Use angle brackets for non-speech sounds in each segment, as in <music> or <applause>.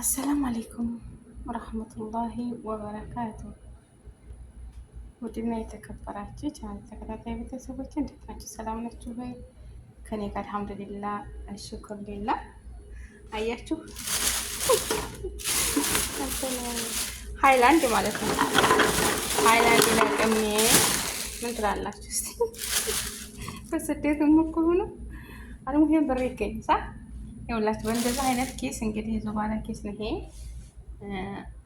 አሰላሙ አሌይኩም ወረህመቱላሂ ወበረካቱ። ውድና የተከበራችሁ የቻናል ተከታታይ ቤተሰቦች እንዴት ናችሁ? ሰላም ናችሁ ወይ? ከኔ ጋር አልሐምዱሊላ ሌላ አያችሁ ሀይላንድ ማለት ነው። ሀይላንድ ለቅሜ ምን ትላላችሁ? በስደት የምኩሉ አለሙሄን ብር ይገኝ ይኸውላችሁ በእንደዚህ አይነት ኬስ እንግዲህ ይዞ ባለ ኬስ ነው ይሄ።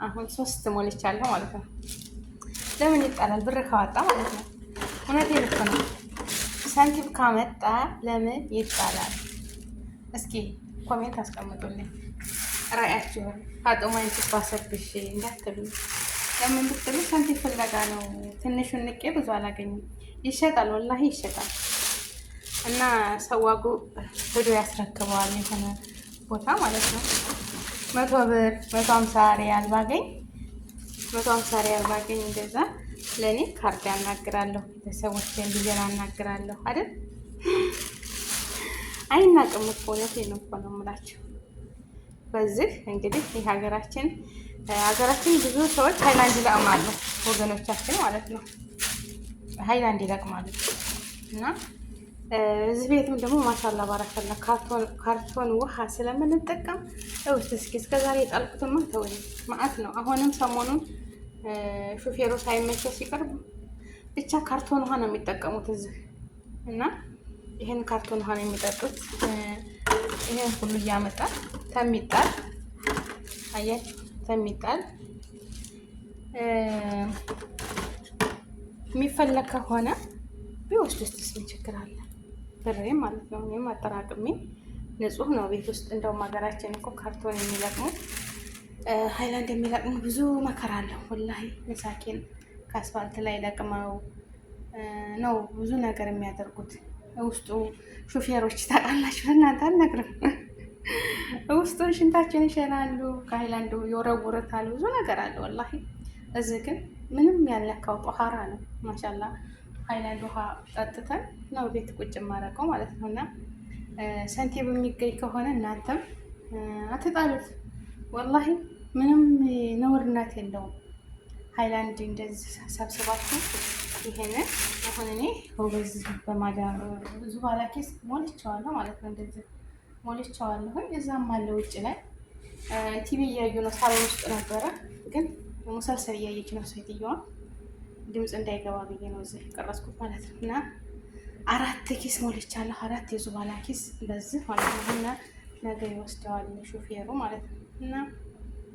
አሁን ሶስት ሞልቻለሁ ማለት ነው። ለምን ይጣላል? ብር ካወጣ ማለት ነው። እውነት እኮ ነው። ሳንቲም ካመጣ ለምን ይጣላል? እስኪ ኮሜንት አስቀምጡልኝ ራእያችሁን። ፋጡማ ይባሰብሽ እንዳትሉ። ለምን ብትሉ ሳንቲም ፍለጋ ነው። ትንሹን ንቄ ብዙ አላገኝም። ይሸጣል፣ ወላሂ ይሸጣል። እና ሰዋጉ ሄዶ ያስረክበዋል የሆነ ቦታ ማለት ነው። መቶ ብር መቶ አምሳ ሪያል ባገኝ መቶ አምሳ ሪያል ባገኝ እንደዛ ለእኔ ካርድ ያናግራለሁ፣ ቤተሰቦች እንዲዘና ያናግራለሁ አይደል? አይናቅም እኮ እውነቴን ነው እኮ ነው የምላቸው። በዚህ እንግዲህ ይህ ሀገራችን ሀገራችን ብዙ ሰዎች ሀይላንድ ይለቅማሉ፣ ወገኖቻችን ማለት ነው ሀይላንድ ይለቅማሉ እና እዚህ ቤትም ደግሞ ማሻላ ባረከላ ካርቶን ውሃ ስለምንጠቀም እውስ እስኪ እስከዛሬ የጣልኩትማ ተወኝ ማአት ነው። አሁንም ሰሞኑን ሹፌሩ ሳይመቸው ሲቀርብ ብቻ ካርቶን ውሃ ነው የሚጠቀሙት እዚህ እና ይህን ካርቶን ውሃ ነው የሚጠጡት። ይህን ሁሉ እያመጣ ተሚጣል አየ ተሚጣል የሚፈለግ ከሆነ ቢወስድ ውስጥ ምን ችግር አለ? ብሬ ማለት ነው። እኔም አጠራቅሜ ንጹህ ነው ቤት ውስጥ እንደውም ሀገራችን እኮ ካርቶን የሚለቅሙ ሀይላንድ የሚለቅሙ ብዙ መከራ አለው ወላሂ መሳኪን ከአስፋልት ላይ ለቅመው ነው ብዙ ነገር የሚያደርጉት። ውስጡ ሹፌሮች ታውቃላችሁ፣ እናንተ አልነግርም። ውስጡ ሽንታችን ይሸናሉ፣ ከሀይላንዱ ይወረውሩታል፣ ብዙ ነገር አለ ወላሂ። እዚህ ግን ምንም ያልነካው ጦሃራ ነው ማሻላ ሀይላንድ ውሃ ጠጥተን ነው ቤት ቁጭ ማረቀው ማለት ነው። እና ሳንቲም የሚገኝ ከሆነ እናንተም አትጣሉት። ወላሂ ምንም ነውርነት የለውም። ሀይላንድ እንደዚህ ሰብስባችሁ ይሄን አሁን እኔ በዚህ በማዳ ዙባላ ኬስ ሞልቼዋለሁ ማለት ነው። እንደዚህ ሞልቼዋለሁኝ። እዛም አለ ውጭ ላይ ቲቪ እያዩ ነው። ሳሎን ውስጥ ነበረ ግን ሙሰልሰል እያየች ነው ሴትዮዋ ድምፅ እንዳይገባ ብዬ ነው እዚህ ቀረጽኩት ማለት ነው። እና አራት ኪስ ሞልቻለሁ። አራት የዙባላ ኪስ በዚህ ማለት ነው። እና ነገ ይወስደዋል ሹፌሩ ማለት ነው። እና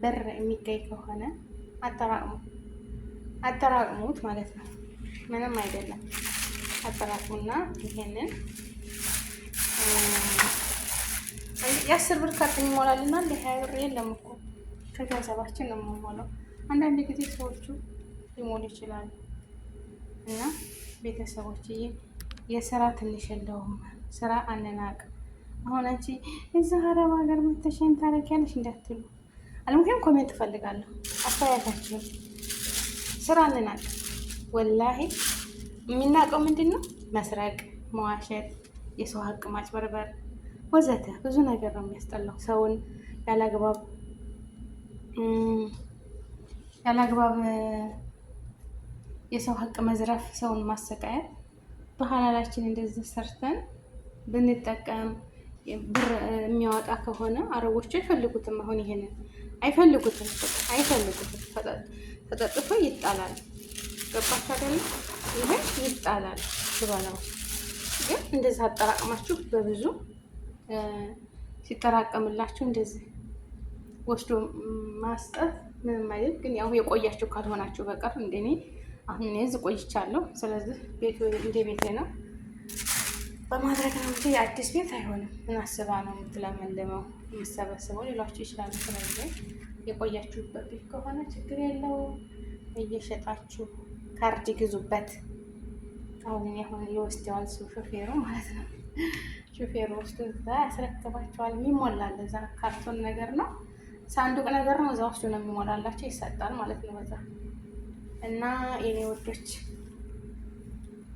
በር የሚገኝ ከሆነ አጠራቅሙ አጠራቅሙት ማለት ነው። ምንም አይደለም። አጠራቅሙና ይሄንን የአስር ብር ካርድ ይሞላልናል። የሀያ ብር የለም እኮ ከገንዘባችን ነው የምንሞላው። አንዳንድ ጊዜ ሰዎቹ ሊሞሉ ይችላሉ። እና ቤተሰቦች የስራ ትንሽ የለውም። ስራ አንናቅ። አሁን አንቺ እዛ አረብ ሀገር መተሽን ታረጊያለሽ እንዳትሉ አለምክም ኮሜንት እፈልጋለሁ። አስተያየታችሁ። ስራ አንናቅ። ወላሂ የሚናቀው ምንድን ነው? መስረቅ፣ መዋሸት፣ የሰው ሀቅ ማጭበርበር ወዘተ ብዙ ነገር ነው የሚያስጠላው። ሰውን ያላግባብ ያላግባብ የሰው ሀቅ መዝረፍ፣ ሰውን ማሰቃየት በሀላላችን እንደዚህ ሰርተን ብንጠቀም ብር የሚያወጣ ከሆነ አረቦቹ አይፈልጉትም። አሁን ይሄንን አይፈልጉትም፣ አይፈልጉትም። ተጠጥፎ ይጣላል። ገባች አደለ? ይሄ ይጣላል። ዝባላ ግን እንደዚህ አጠራቅማችሁ በብዙ ሲጠራቀምላችሁ እንደዚህ ወስዶ ማስጠት ምንም አይደል። ግን ያው የቆያችሁ ካልሆናችሁ በቀር እንደኔ አሁን እኔ እዚህ ቆይቻለሁ። ስለዚህ ቤቱ እንደ ቤቴ ነው በማድረግ ነው እንጂ አዲስ ቤት አይሆንም። ምን አስባ ነው የምትለመልመው የምሰበስበው ሌሏቸው ይችላሉ። ስለዚህ የቆያችሁበት ቤት ከሆነ ችግር የለው፣ እየሸጣችሁ ካርድ ግዙበት። አሁን ያሁን አሁን ይወስደዋል ሾፌሩ ማለት ነው። ሾፌሩ ውስጥ እዛ ያስረክባቸዋል። የሚሞላል እዛ ካርቶን ነገር ነው፣ ሳንዱቅ ነገር ነው። እዛ ውስጡ ነው የሚሞላላቸው፣ ይሰጣል ማለት ነው በዛ እና የኔ ወዶች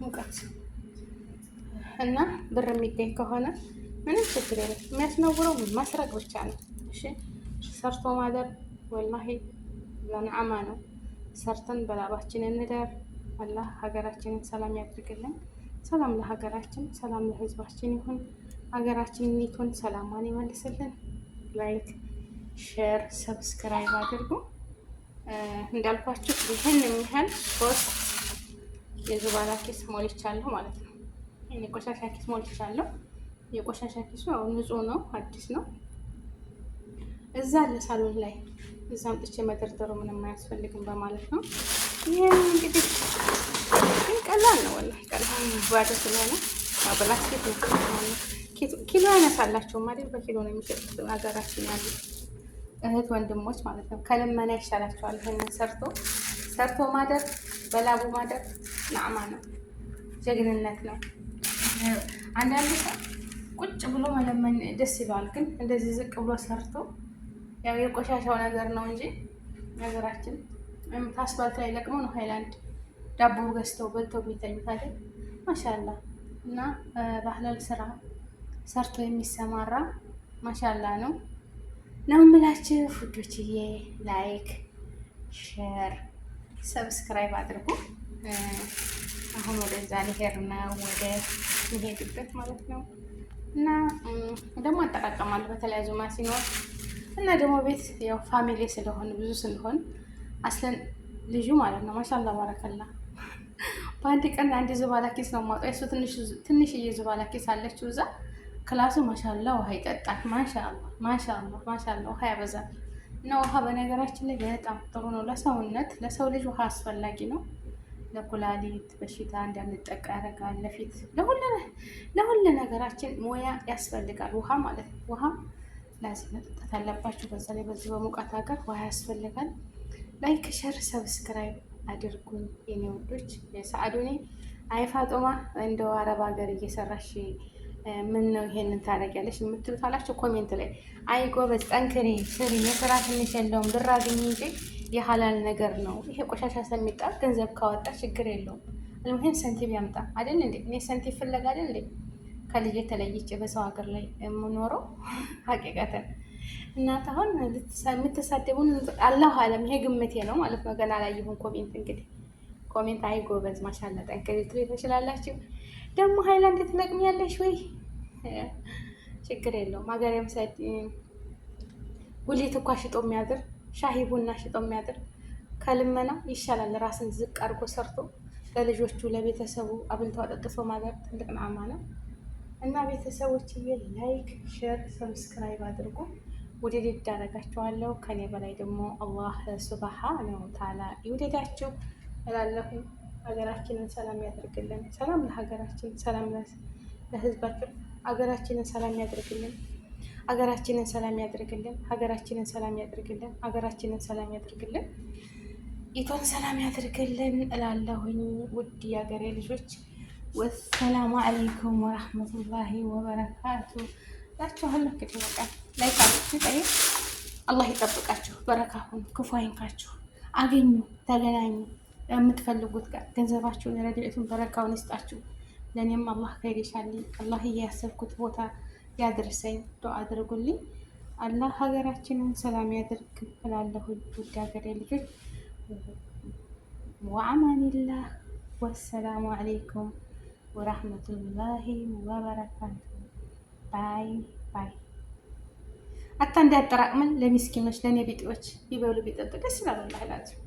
ሙቀት እና ብር የሚገኝ ከሆነ ምንም ችግር የለም። የሚያስነውረው መስረቅ ብቻ ነው። እሺ ሰርቶ ማደር ወላሂ ለነዓማ ነው። ሰርተን በላባችን እንደር። አላህ ሀገራችንን ሰላም ያድርግልን። ሰላም ለሀገራችን፣ ሰላም ለህዝባችን ይሁን። ሀገራችን ኒቶን ሰላማን ይመልስልን። ላይክ ሼር፣ ሰብስክራይብ አድርጉ። እንዳልኳችሁ ይህን የሚያህል ሶስት የዙባላ ኪስ ሞልቻለሁ ማለት ነው። የቆሻሻ ኪስ ሞልቻለሁ። የቆሻሻ ኪሱ ያው ንጹህ ነው፣ አዲስ ነው። እዛ ለሳሎን ላይ እዛ አምጥቼ መደርደሩ ምንም አያስፈልግም በማለት ነው። ይህን እንግዲህ ግን ቀላል ነው፣ ወላ ቀላል ባዶ ስለሆነ ብላስኬት ነው። ኪሎ ያነሳላቸው ማለት በኪሎ ነው የሚሸጡት ሀገራችን ያሉት እህት ወንድሞች ማለት ነው ከልመና ይሻላቸዋል። ይህን ሰርቶ ሰርቶ ማደር በላቡ ማደር ናዕማ ነው፣ ጀግንነት ነው። አንዳንድ ሰው ቁጭ ብሎ መለመን ደስ ይለዋል፣ ግን እንደዚህ ዝቅ ብሎ ሰርቶ ያው የቆሻሻው ነገር ነው እንጂ ነገራችን አስፋልት ላይ ለቅመው ነው ሃይላንድ ዳቦ ገዝተው በልተው የሚተኙት አይደል? ማሻላ እና ባህላዊ ስራ ሰርቶ የሚሰማራ ማሻላ ነው። ነው ምላችሁ ውዶችዬ። ላይክ፣ ሼር፣ ሰብስክራይብ አድርጉ። አሁን ወደዛ ልሄድ ነው ወደ ሚሄድበት ማለት ነው እና ደግሞ አጠቃቀማለሁ በተለያዩ ማሲኖች እና ደግሞ ቤት ያው ፋሚሊ ስለሆን ብዙ ስለሆን አስለን ልጁ ማለት ነው ማሻላ ባረከላ በአንድ ቀን አንድ ዝባላ ኪስ ነው ማውጣ የሱ ትንሽዬ ዝባላ ኪስ አለችው እዛ ክላሱ ማሻላ ውሃ ይጠጣል። ማሻላ ማሻላ ማሻላ ውሃ ያበዛል። እና ውሃ በነገራችን ላይ በጣም ጥሩ ነው ለሰውነት፣ ለሰው ልጅ ውሃ አስፈላጊ ነው። ለኩላሊት በሽታ እንዳንጠቃ ያደርጋል። ለፊት ለሁሉ ነገራችን ሞያ ያስፈልጋል ውሃ ማለት ነው። ውሃ ለዚህ መጠጣት አለባችሁ። በዛ ላይ በዚህ በሙቀት ሀገር ውሃ ያስፈልጋል። ላይክ፣ ሸር፣ ሰብስክራይብ አድርጉ የኔ ወዶች። የሰአዱኔ አይፋጦማ እንደው አረብ ሀገር እየሰራሽ ምን ነው ይሄንን ታደርጊያለሽ የምትሉት አላችሁ ኮሜንት ላይ። አይ ጎበዝ፣ ጠንክሬ ስሪ፣ የስራ ትንሽ የለውም ብር አግኝ እንጂ የሀላል ነገር ነው ይሄ። ቆሻሻ ሰሚጣ ገንዘብ ካወጣ ችግር የለውም። አልሙሄም ሰንቲም ያምጣ አይደል እንዴ? እኔ ሰንቲም ፍለጋ አይደል እንዴ ከልጅ የተለይቼ በሰው ሀገር ላይ የምኖረው <laughs> ሀቂቀትን እናት አሁን የምትሳደቡን አላሁ አለም። ይሄ ግምቴ ነው ማለት ነው። ገና ላይ ይሁን ኮሜንት እንግዲህ ኮሜንት አይ ጎበዝ፣ ማሻላ ጠንክሪ ትችላላችሁ ደግሞ ሀይላንድ ትለቅሚያለሽ ወይ? ችግር የለውም። ማገሪያም ሳይድ ጉሊት እኳ ሽጦ የሚያድር ሻሂ ቡና ሽጦ የሚያድር ከልመናው ይሻላል። ራስን ዝቅ አድርጎ ሰርቶ ለልጆቹ ለቤተሰቡ አብልቶ አጠጥፎ ማገር ትልቅ ነዓማ ነው እና ቤተሰቦችዬ፣ ላይክ፣ ሼር፣ ሰብስክራይብ አድርጉ። ውድድድ ዳረጋችኋለሁ። ከኔ በላይ ደግሞ አላህ ስብሓነሁ ተዓላ ይውደዳችሁ እላለሁ። ሀገራችንን ሰላም ያደርግልን። ሰላም ለሀገራችን፣ ሰላም ለህዝባችን ሀገራችንን ሰላም ያደርግልን። ሀገራችንን ሰላም ያደርግልን። ሀገራችንን ሰላም ያደርግልን። ሀገራችንን ሰላም ያደርግልን። ኢትዮጵያን ሰላም ያደርግልን እላለሁኝ ውድ የሀገሬ ልጆች። ወሰላሙ አለይኩም ወራህመቱላሂ ወበረካቱ ላችኋለሁ። ክድ በቃ ላይ ጠይቅ አላህ ይጠብቃችሁ፣ በረካሁን ክፉ አይንካችሁ፣ አገኙ፣ ተገናኙ። የምትፈልጉት ጋር ገንዘባችሁን ረድኤቱን በረካውን ይስጣችሁ። ለእኔም አላህ ከይር ይሻልኝ። አላህ እያሰብኩት ቦታ ያድርሰኝ። ዱዓ አድርጉልኝ። አላህ ሀገራችንን ሰላም ያድርግ ብላለሁኝ። ውድ ሀገሬ ልጆች ወአማኒላህ። ወሰላሙ አሌይኩም ወራህመቱላሂ ወበረካቱ። ባይ ባይ። አታ እንዳያጠራቅምን ለሚስኪኖች ለእኔ ቢጤዎች ይበሉ ቢጠጡ ደስ ይላል። ላላቸው